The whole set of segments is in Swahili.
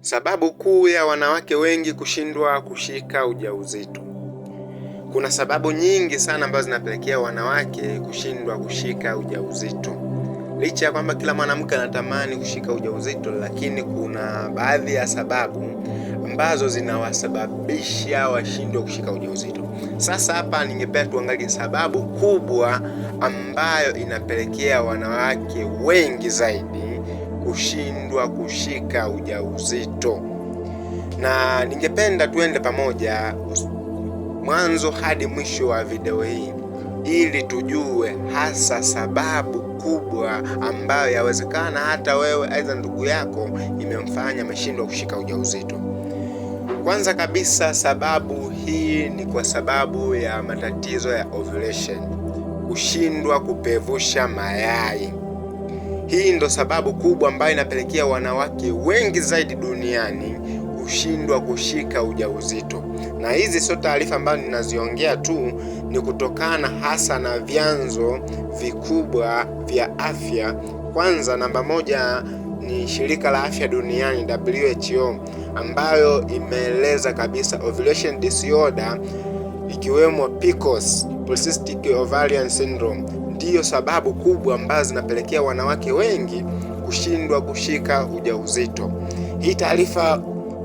Sababu kuu ya wanawake wengi kushindwa kushika ujauzito. Kuna sababu nyingi sana ambazo zinapelekea wanawake kushindwa kushika ujauzito. Licha ya kwamba kila mwanamke anatamani kushika ujauzito, lakini kuna baadhi ya sababu ambazo zinawasababisha washindwe kushika ujauzito. Sasa hapa ningependa tuangalie sababu kubwa ambayo inapelekea wanawake wengi zaidi kushindwa kushika ujauzito, na ningependa tuende pamoja mwanzo hadi mwisho wa video hii ili tujue hasa sababu kubwa ambayo yawezekana hata wewe aidha ndugu yako imemfanya ameshindwa kushika ujauzito. Kwanza kabisa, sababu hii ni kwa sababu ya matatizo ya ovulation, kushindwa kupevusha mayai. Hii ndo sababu kubwa ambayo inapelekea wanawake wengi zaidi duniani kushindwa kushika ujauzito. Na hizi sio taarifa ambazo ninaziongea tu, ni kutokana hasa na vyanzo vikubwa vya afya. Kwanza, namba moja ni shirika la afya duniani WHO, ambayo imeeleza kabisa ovulation disorder ikiwemo PCOS, polycystic ovarian syndrome ndiyo sababu kubwa ambazo zinapelekea wanawake wengi kushindwa kushika ujauzito. Hii taarifa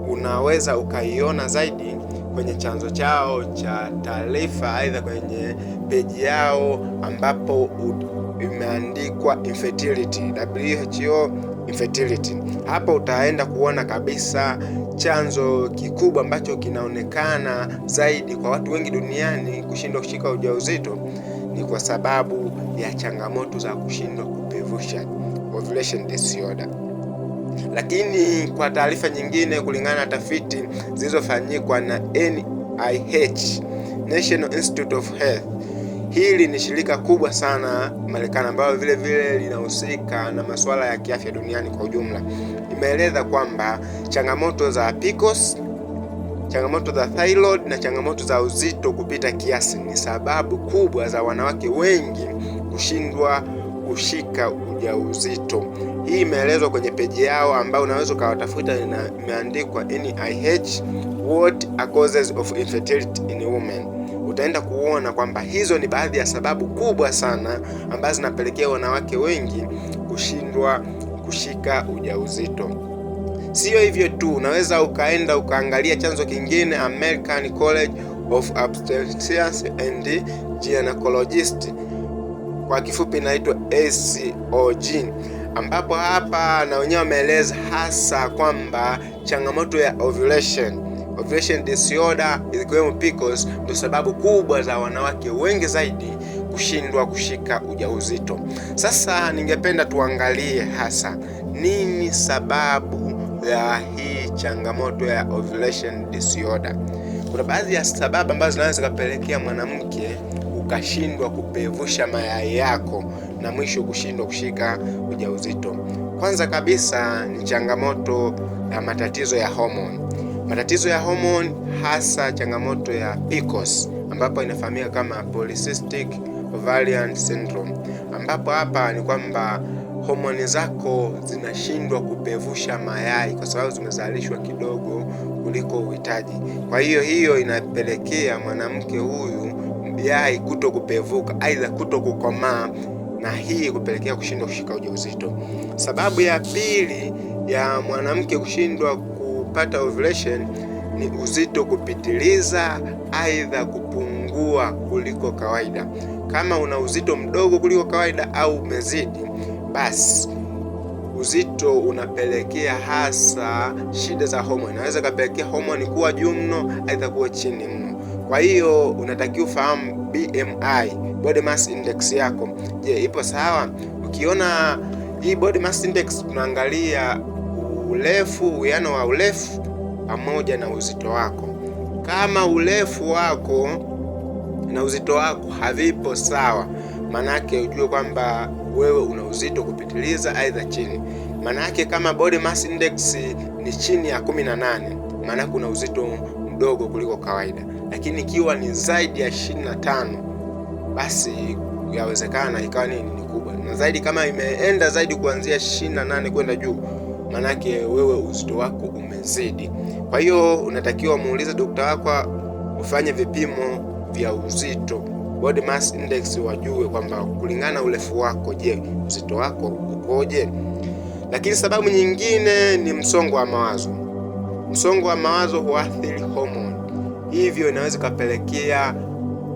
unaweza ukaiona zaidi kwenye chanzo chao cha taarifa, aidha kwenye peji yao ambapo imeandikwa infertility, WHO infertility. Hapo utaenda kuona kabisa chanzo kikubwa ambacho kinaonekana zaidi kwa watu wengi duniani kushindwa kushika ujauzito ni kwa sababu ya changamoto za kushindwa kupevusha ovulation disorder. Lakini kwa taarifa nyingine, kulingana na tafiti zilizofanyikwa na NIH, National Institute of Health, hili ni shirika kubwa sana Marekani ambalo vile vile linahusika na masuala ya kiafya duniani kwa ujumla, imeeleza kwamba changamoto za PCOS, changamoto za thyroid na changamoto za uzito kupita kiasi ni sababu kubwa za wanawake wengi kushindwa kushika ujauzito. Hii imeelezwa kwenye peji yao ambayo unaweza ukawatafuta, imeandikwa NIH what are causes of infertility in women. Utaenda kuona kwamba hizo ni baadhi ya sababu kubwa sana ambazo zinapelekea wanawake wengi kushindwa kushika ujauzito. Sio hivyo tu, unaweza ukaenda ukaangalia chanzo kingine, American College of Obstetricians and Gynecologists kwa kifupi inaitwa SOG, ambapo hapa na wenyewe wameeleza hasa kwamba changamoto ya ovulation ovulation disorder ikiwemo PCOS ndio sababu kubwa za wanawake wengi zaidi kushindwa kushika ujauzito. Sasa ningependa tuangalie hasa nini sababu ya hii changamoto ya ovulation disorder. Kuna baadhi ya sababu ambazo zinaweza kupelekea mwanamke ukashindwa kupevusha mayai yako na mwisho kushindwa kushika ujauzito. Kwanza kabisa ni changamoto ya matatizo ya homoni. Matatizo ya homoni hasa changamoto ya PCOS ambapo inafahamika kama polycystic ovarian syndrome, ambapo hapa ni kwamba homoni zako zinashindwa kupevusha mayai kwa sababu zimezalishwa kidogo kuliko uhitaji. Kwa hiyo hiyo inapelekea mwanamke huyu yai kuto kupevuka, aidha kuto kukomaa, na hii kupelekea kushindwa kushika ujauzito. Sababu ya pili ya mwanamke kushindwa kupata ovulation ni uzito kupitiliza, aidha kupungua kuliko kawaida. Kama una uzito mdogo kuliko kawaida au umezidi, basi uzito unapelekea hasa shida za homoni. Inaweza kapelekea homoni kuwa juu mno, aidha kuwa chini mno. Kwa hiyo unatakiwa ufahamu BMI, body mass index yako, je, ipo sawa? Ukiona hii body mass index, tunaangalia urefu, uwiano wa urefu pamoja na uzito wako. Kama urefu wako na uzito wako havipo sawa, manake ujue kwamba wewe una uzito kupitiliza, aidha chini. Manake kama body mass index ni chini ya 18, maanake una uzito mdogo kuliko kawaida, lakini ikiwa ni zaidi ya ishirini na tano basi yawezekana ikawa nini ni kubwa, na zaidi kama imeenda zaidi kuanzia ishirini na nane kwenda juu, manake wewe uzito wako umezidi. Kwa hiyo unatakiwa muulize dokta wako, ufanye vipimo vya uzito body mass index, wajue kwamba kulingana urefu wako, je, uzito wako ukoje? Lakini sababu nyingine ni msongo wa mawazo. Msongo wa mawazo huathiri homoni, hivyo inaweza ikapelekea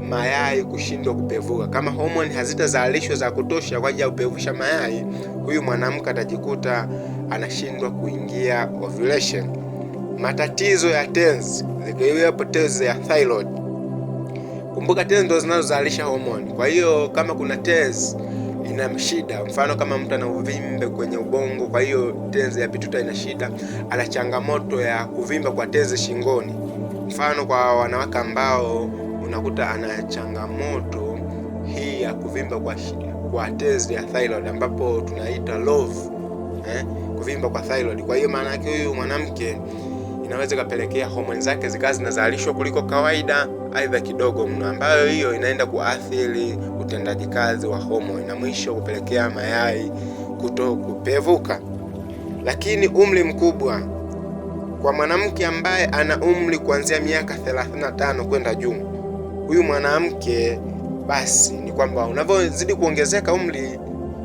mayai kushindwa kupevuka. Kama homoni hazitazalishwa za kutosha kwa ajili ya kupevusha mayai, huyu mwanamke atajikuta anashindwa kuingia ovulation. Matatizo ya tezi, zikiwepo tezi ya thyroid. Kumbuka tezi ndo zinazozalisha homoni, kwa hiyo kama kuna tezi ina shida. Mfano kama mtu ana uvimbe kwenye ubongo, kwa hiyo tezi ya pituita ina shida, ana changamoto ya kuvimba kwa tezi shingoni. Mfano kwa wanawake ambao unakuta ana changamoto hii ya kuvimba kwa, kwa tezi ya thyroid ambapo tunaita LOVE eh, kuvimba kwa thyroid. Kwa hiyo maana yake huyu mwanamke inaweza ikapelekea homoni zake zikawa zinazalishwa kuliko kawaida, aidha kidogo mno, ambayo hiyo inaenda kuathiri utendaji kazi wa homoni na mwisho kupelekea mayai kuto kupevuka. Lakini umri mkubwa kwa mwanamke ambaye ana umri kuanzia miaka 35 kwenda juu, huyu mwanamke basi ni kwamba unavyozidi kuongezeka umri,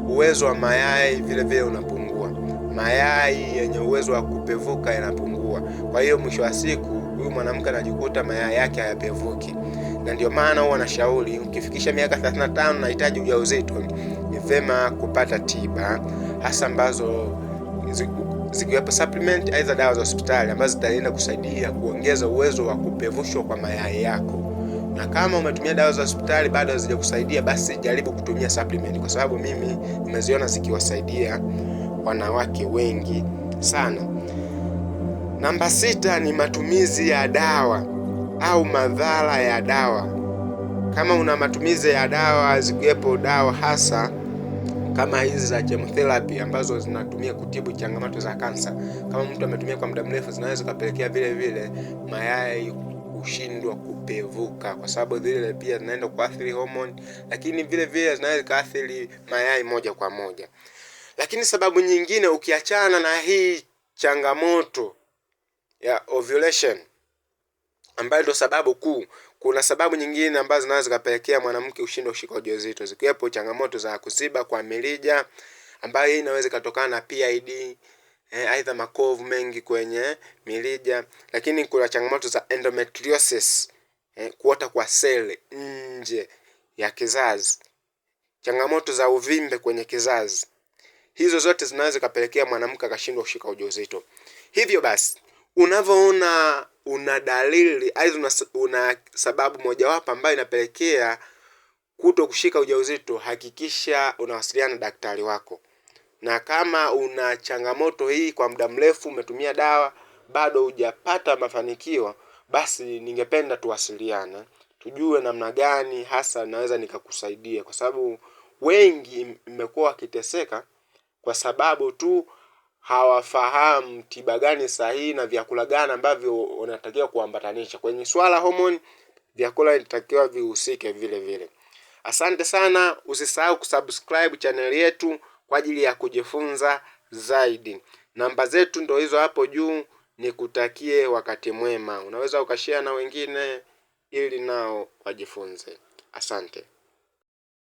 uwezo wa mayai vile unapungua. Mayai yenye uwezo wa kupevuka yanapungua kuwa. Kwa hiyo mwisho wa siku huyu mwanamke anajikuta mayai yake hayapevuki, na ndio maana huwa anashauri ukifikisha miaka 35 nahitaji ujauzito, ni vema kupata tiba hasa ambazo zikiwepo supplement aidha dawa za hospitali ambazo zitaenda kusaidia kuongeza uwezo wa kupevushwa kwa mayai yako na kama umetumia dawa za hospitali bado hazijakusaidia, basi jaribu kutumia supplement, kwa sababu mimi nimeziona zikiwasaidia wanawake wengi sana. Namba sita ni matumizi ya dawa au madhara ya dawa. Kama una matumizi ya dawa, zikiwepo dawa hasa kama hizi za chemotherapy ambazo zinatumia kutibu changamoto za kansa. Kama mtu ametumia kwa muda mrefu, zinaweza kapelekea vile vile mayai kushindwa kupevuka, kwa sababu zile pia zinaenda kuathiri homoni, lakini vile vile zinaweza kuathiri mayai moja kwa moja. Lakini sababu nyingine ukiachana na hii changamoto ya ovulation ambayo ndio sababu kuu. Kuna sababu nyingine ambazo zinaweza zikapelekea mwanamke ushindwe kushika ujauzito, zikiwepo changamoto za kuziba kwa mirija ambayo hii inaweza ikatokana na PID eh, aidha makovu mengi kwenye mirija, lakini kuna changamoto za endometriosis eh, kuota kwa seli nje ya kizazi, changamoto za uvimbe kwenye kizazi. Hizo zote zinaweza kupelekea mwanamke akashindwa kushika ujauzito. Hivyo basi unavyoona una dalili aidha una, una sababu mojawapo ambayo inapelekea kuto kushika ujauzito, hakikisha unawasiliana na daktari wako. Na kama una changamoto hii kwa muda mrefu, umetumia dawa bado hujapata mafanikio, basi ningependa tuwasiliane, tujue namna gani hasa naweza nikakusaidia, kwa sababu wengi mmekuwa wakiteseka kwa sababu tu hawafahamu tiba gani sahihi na vyakula gani ambavyo unatakiwa kuambatanisha. Kwenye swala homoni, vyakula inatakiwa vihusike vile vile. Asante sana, usisahau kusubscribe chaneli yetu kwa ajili ya kujifunza zaidi. Namba zetu ndo hizo hapo juu. Nikutakie wakati mwema. Unaweza ukashare na wengine ili nao wajifunze. Asante.